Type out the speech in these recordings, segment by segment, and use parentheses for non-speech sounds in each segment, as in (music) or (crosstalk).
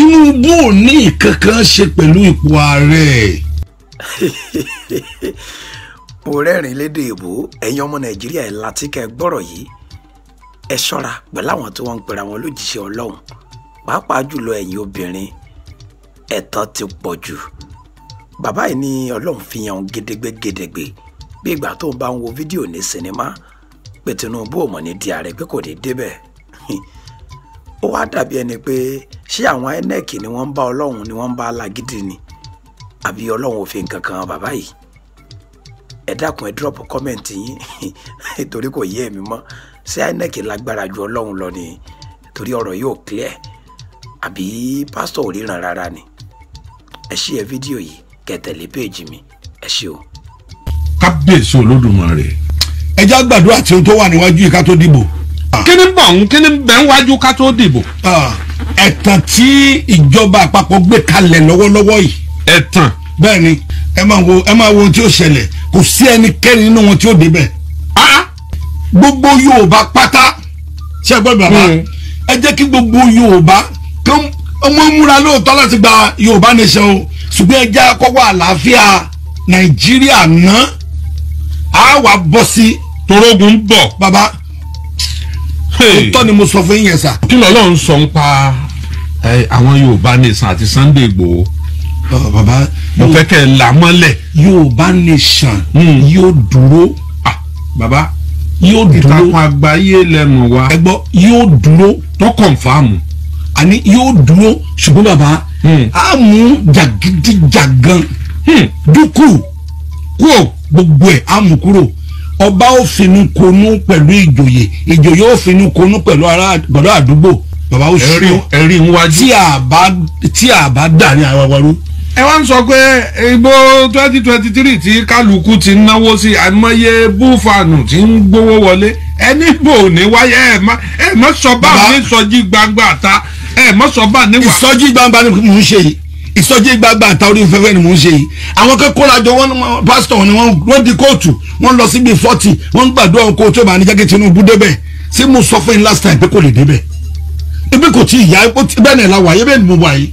Tinubu ò ní ìkankan ṣe pẹ̀lú ipò ààrẹ. (laughs) mo rẹ́rìn-ín lédè èbó ẹ̀yin ọmọ Nàìjíríà ẹ̀ láti kẹ́ ẹ gbọ́rọ̀ yìí ẹ ṣọ́ra pẹ̀lú àwọn tí wọ́n ń pera wọn lójíṣẹ́ Ọlọ́run pàápàá jùlọ ẹ̀yin obìnrin ẹ̀tàn ti pọ̀ jù bàbá yìí ni Ọlọ́run fi hàn gédégbé gédégbé bí ìgbà tó ń bá ń wo fídíò ní sinimá pé Tinubu ò mọ̀ ní di ààrẹ pé kò ní débẹ̀ (laughs) ó wá dàbí ẹni pé. Pe ṣé àwọn INEC ni wọ́n ń bá ọlọ́run ni wọ́n ń bá alágídí ni àbí ọlọ́run òfin kankan bàbá yìí ẹ dákun ẹ dúrọ̀pù kọ́mẹ̀ntì yín (laughs) torí kò yé èmi mọ́ ṣé INEC lágbára ju ọlọ́run lọ ni torí ọ̀rọ̀ yóò clear àbí pásítọ̀ ò ríran rárá ni ẹ ṣí ẹ fídíò yìí kẹtẹ̀lé péèjì mi ẹ ṣé o. kábíyèsí olódùmarè. ẹ já gbàdúrà tí o tó wà níwájú yìí ká tó dìbò. Ah. kí ni bọ̀ ń kí ni bẹ̀ ń wájú ká tó dìbò. Ah ẹ̀tàn tí ìjọba àpapọ̀ gbé kalẹ̀ lọ́wọ́lọ́wọ́ yìí. ẹ̀tàn. bẹ́ẹ̀ ẹ máa wo ẹ máa wo ohun tí ó ṣẹlẹ̀ kò sí ẹnikẹ́ni nínú wọn tí ó débẹ̀. a gbogbo Yorùbá pátá ṣe é gbọ́ bàbá hmm. ẹ jẹ́ kí gbogbo Yorùbá kí wọ́n múra lóòótọ́ láti gba Yorùbá nation o ṣùgbọ́n ẹ jẹ́ àkọ́kọ́ àlàáfíà Nàìjíríà ná a wà bọ́ sí. torógun bọ̀. bàbá òótọ́ ni mo sọ fún yẹn sà. kí lọ́lọ́run sọ ń pa àwọn Yorùbá Nation àti Sunday Igboho. Baba, mo fẹ́ kẹ́ ẹ là mọ́lẹ̀. Yorùbá Nation hmm. yóò dúró. Ah, bàbá yóò dúró ìtàkùn àgbáyé lẹ́nu wa. ẹ gbọ́ yóò dúró. tó kọ̀nfàmù. àní yóò dúró ṣùgbọ́n bàbá hmm. a mú jàgídíjàgan hmm. dúkù kúò gbogbo ẹ̀ a mú kúrò ọba ó finú konú pẹ̀lú ìjòyè ìjòyè ó finú konú pẹ̀lú àdúgbò bàbá ó ṣú ẹ̀rí níwájú tí a bá tí a bá dà ní àwọn ọ̀run. ẹ wá ń sọ pé ìbò twenty twenty three tí kálukú ti ń náwó sí àmọye búfànù tí ń gbówó wọlé ẹni bò ní wáyé ẹ má ẹ má sọ bá mi sọjí gbangba ta ẹ má sọ bá níwà. ìsọjí gbangba ni mò ń ṣe yìí ìsọjí gbangba àta orí fẹ́fẹ́ ni mò ń ṣe yìí àwọn akẹ́kọ̀ọ́ lajọ wọn pásítọ̀ ni wọ́n di kóòtù wọ́n lọ síbi fọ́tì wọ́n gbàdúrà kóòtù ìbànújẹ́ kí Tinubu débẹ̀ sí mo sọ fún yín last time pé kò lè débẹ̀ ibi kò tí ì yá bẹ́ẹ̀ ni ẹ̀ la wà yé bẹ́ẹ̀ ni mo wà yìí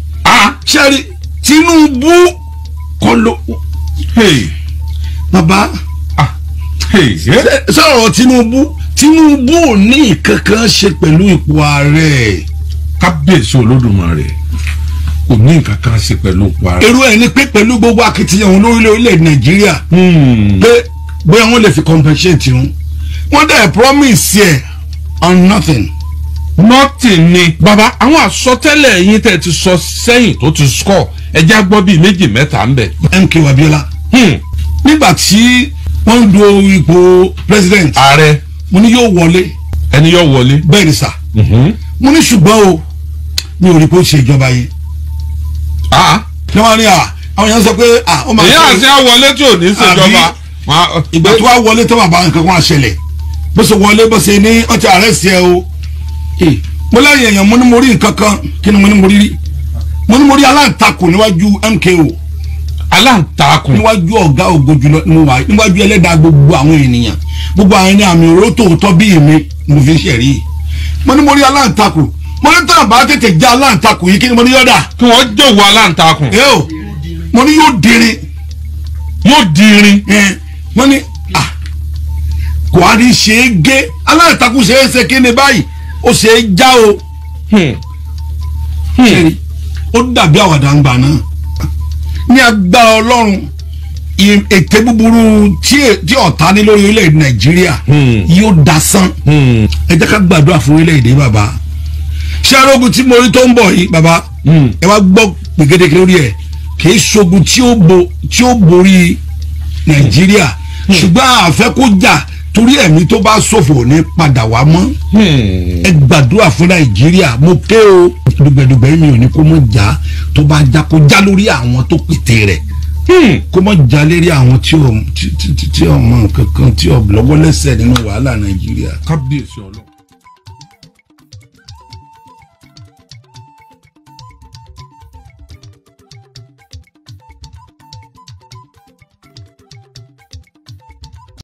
ṣẹ́rí Tinubu kọ́ ló bàbá sọ̀rọ̀ Tinubu Tinubu ò ní ìkankan ṣe pẹ̀lú ipò ààrẹ. kábíyèsí olódùmarè kò ní ìkankan ṣe pẹ̀lú ipò ààrẹ. èrò ẹ̀ ni pé pẹ̀lú gbogbo akitiyan wọn lórílẹ̀ orílẹ̀ Nàìjíríà hmm. pé bóyá wọ́n lè fi compensate wọn wọ́n dẹ̀ promise ẹ̀ on nothing nothing ni. bàbá àwọn àsọtẹ́lẹ̀ yín tẹ́ ti sọ sẹ́yìn tó ti sọ ẹjẹ́ agbọ́ bíi méjì mẹ́ta ń bẹ̀. mk wabiola hmm. nígbà tí wọ́n ń do ipò president. ààrẹ. mo ní yóò wọlé. ẹni yóò wọlé. bẹ́ẹ̀ ni sà. Mhm. mo ní ṣùgbọ́n o mi ò rí kó ṣe ìjọba yìí. ní wọ́n rí à àwọn yẹn sọ pé à ó máa ṣe. èyí àti àwọlé tí ò ní ṣèjọba. ìgbà tó wá wọlé tó bàbá nǹkan kan á ṣẹlẹ̀ bó ṣe wọlé bó ṣe ní ọtí àrẹ́sì ẹ o. Eh, mo láyé èèyàn mo ní mo rí nǹkan kan kí ni mo ní mo rí rí mo ní mo rí aláǹtakùn níwájú MKO aláǹtakùn níwájú ọ̀gá ògo jùlọ mo wà níwájú ẹlẹ́dàá gbogbo àwọn ènìyàn gbogbo àwọn ẹni àmì òró tòótọ́ bíi mi mo fi ń ṣẹ̀rí mo ní mo rí aláǹtakùn mo ní tàn bá tètè já aláǹtakùn yìí kí ni mo ní yọ̀dà. kí wọ́n jọ̀wọ́ aláǹtakùn. ẹ o mo ní yóò dirin. yóò dirin. wọ́n ní kò á ní ṣe é gé aláǹtakùn ṣe é ṣe kí ni báyìí ó ṣe é já o hmm. Hmm. ó dàbí àwàdà ń gbà náà ní agbára ọlọ́run ète búburú tí ọ̀tá ní lórí orílẹ̀-èdè nàìjíríà hmm. yóò dasán ẹ jẹ́ ká gbàdúrà fún orílẹ̀-èdè bàbá ṣé arógun tí mo rí tó ń bọ̀ yìí bàbá ẹ wá gbọ́ gbègédeke lórí ẹ̀ kì í ṣogun tí ó borí nàìjíríà ṣùgbọ́n àfẹ́kọ̀jà torí ẹ̀mí tó bá ṣòfò ní padà wá mọ́ hmm. ẹ gbàdúrà fún nàìjíríà mo ké o dùgbẹ̀dùgbẹ̀ mi ò ní kó mọ̀ já tó bá já kó já lórí àwọn tó pètè rẹ̀ hmm. kó mọ̀ já lérí àwọn tí ọmọ kankan tí ọ lọ́wọ́ lẹ́sẹ̀ nínú wàhálà nàìjíríà. kábíyèsí ọlọ́run.